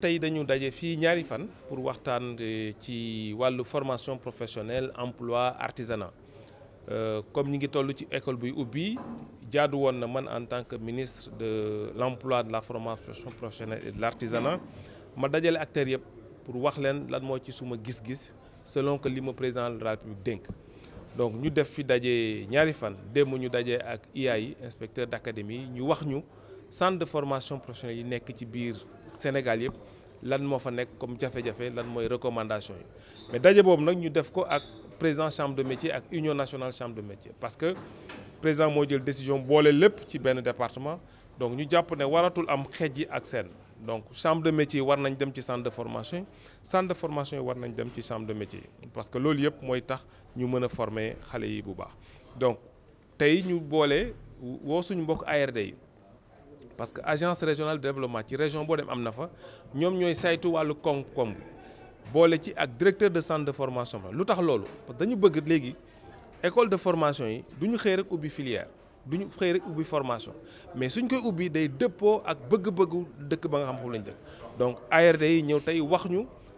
tay dañu dajé fi ñaari fan pour waxtaan ci walu formation professionnelle emploi artisanat euh, comme ñi ngi tollu ci école buy ubbi jaadu won na man en tant que ministre de l'emploi de la formation professionnelle et de l'artisanat ma dajale acteur yëpp pour wax leen lan mo ci suma gis-gis selon que li président de la République donc ñu def fi dajé ñaari fan démb ñu dajé ak IAI inspecteur d'académie ñu wax ñu centre de formation professionnelle yi nekk ci biir Sénégal yëpp lan mo fa nek comme jafé jafé lan moy recommandation mais daje bobu nak ñu def ko ak président chambre de métier ak union nationale chambre de métier parce que président mo jël décision boole lépp ci le département donc ñu japp ne waratul am xeej ak sen donc chambre de métier war nañ dem ci centre de formation centre de formation war nañ dem ci chambre de métier parce que lool yépp moy tax ñu mëna former xalé yi bu baax donc tay ñu bolé wo suñu mbokk ARD yi parce que agence régionale de développement ci région boo dem am na fa ñoom ñooy saytu wàllu koom-koom bi ci ak directeur de centre de formation lu tax loolu parce que dañu bëgg école de formation yi du ñu xëy filière du ñu xëy formation mais suñ koy ubbi day dëppoo ak bëgg-bëggu dëkk ba nga xam dëkk donc ARD yi ñëw tey wax ñu.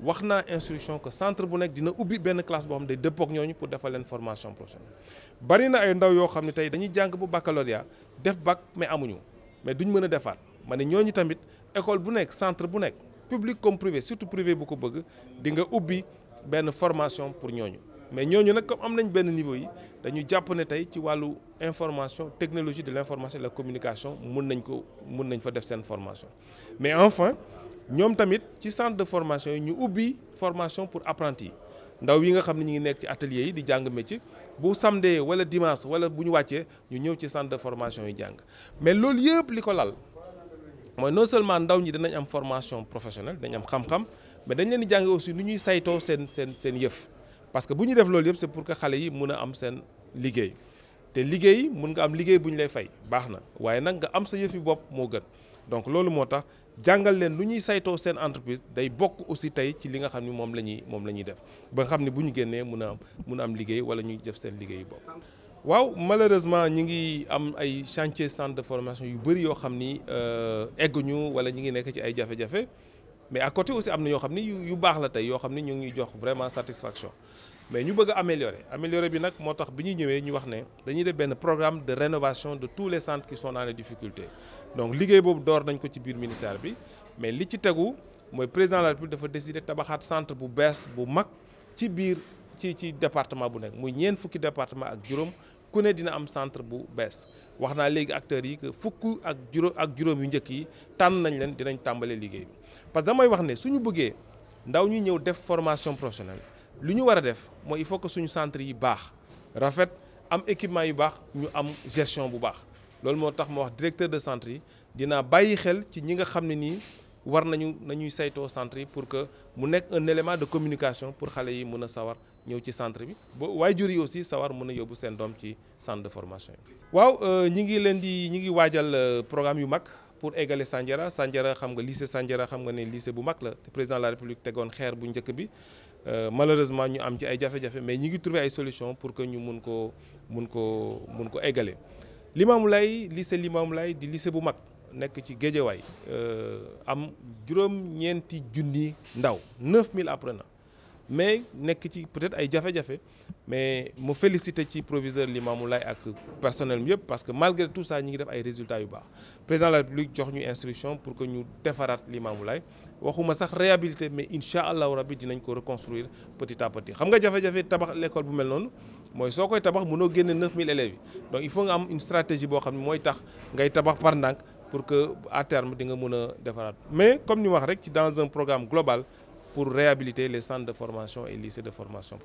wax instruction que centre bu nek dina ubbi ben classe bo xam day dëppook ñooñu pour defal leen formation professionnelle bari na ay ndaw yo xam ne tey dañuy jàng bu baccalauréat def bac mais amuñu mais duñ mëna a defaat ma ne ñooñu tamit école bu nek centre bu nek public comme privé surtout privé bu ko bëgg di nga ubbi ben formation pour ñooñu mais ñooñu nak comme am nañ ben niveau yi dañu japp ne tay ci walu information technologie de l'information et de la communication mun nañ ko mun nañ fa def sen formation mais enfin ñoom tamit ci centre de formation ñu ubi formation pour apprenti ndaw yi nga xamni ñi ngi nekk ci atelier yi di jang métier bu samedi wala dimanche wala buñu waccé ñu ñëw ci centre de formation yi jang mais lool yëpp liko lal moy non seulement ndaw ñi dinañ am formation professionnelle dinañ am xam-xam mais dañ leen di jang aussi ñu ñuy sayto sen sen sen yëf parce que buñu def lool yëpp c'est pour que xalé yi mëna am sen liguey te liggéey mun nga am liggéey bu ñu lay fay baax na waaye nag nga am sa yëfi bopp moo gën donc loolu moo tax jàngal leen lu ñuy saytoo seen entreprise day bokk aussi tey ci li nga xam ni moom la ñuy moom la ñuy def ba nga xam ne bu ñu génnee mun a am mun a am liggéey wala ñuy def seen liggéey bopp. waaw malheureusement ñi ngi am ay chantier centre de formation yu bëri yoo xam ni euh, egguñu wala ñi ngi nekk ci ay jafe-jafe mais à côté aussi am na yoo xam ni yu baax la tey yoo xam ni ñu ngi jox vraiment satisfaction. mais nous bëgg améliorer améliorer bi que nous programme de rénovation de tous les centres qui sont dans les difficultés donc liggéey qui door nañ ministère mais li ci est le président de la République a décidé de centre bu centre bu mag ci biir ci département bu département ak ku ne am centre bu que fukk ak juróom ak parce que formation professionnelle lu ñu war def il faut que suñu centre yi baax rafet am équipement yu bax ñu am gestion bu bax lool moo tax wax directeur de centre dina bayyi xel ci ñi nga xamni ni war nañu nañuy sayto centre pour que mu nekk un élément de communication pour xalé yi mëna sawar ñëw ci centre bi way juri aussi sawar mëna yobu sen dom ci centre de formation waaw euh, ñi ngi leen di ñi ngi wajal euh, programme yu mak pour égaler Sandiara Sandiara xam nga lycée Sandiara xam nga ne lycée bu mak la président de la république tegoon xeer bu ñëk bi. Euh, malheureusement ñu am ci ay jafé jafé mais ñi ngi trouver ay solution pour que ñu puissions ko mun ko mun ko égaler lay lycée lay di lycée bu mag nek ci euh am juroom ñenti junni ndaw 9000 apprenants mais nek ci peut-être ay jafé jafé mais mo félicité ci proviseur Limamou lay ak personnel yépp parce que malgré tout ça ñi ngi def ay résultats yu baax président de la République jox ñu instruction pour que ñu defaraat Limamou lay waxuma sax réhabiliter mais inshallah allahu rabi dinañ ko reconstruire petit à petit xam nga jafé jafé tabax l'école bu mel non moy soo koy tabax mëno génne 9000 élèves donc il faut nga am une stratégie bo xamni moy tax ngay tabax par pour que à terme di nga mëna mais comme ñu wax rek ci dans un programme global pour réhabiliter les centres de formation et lycées de formation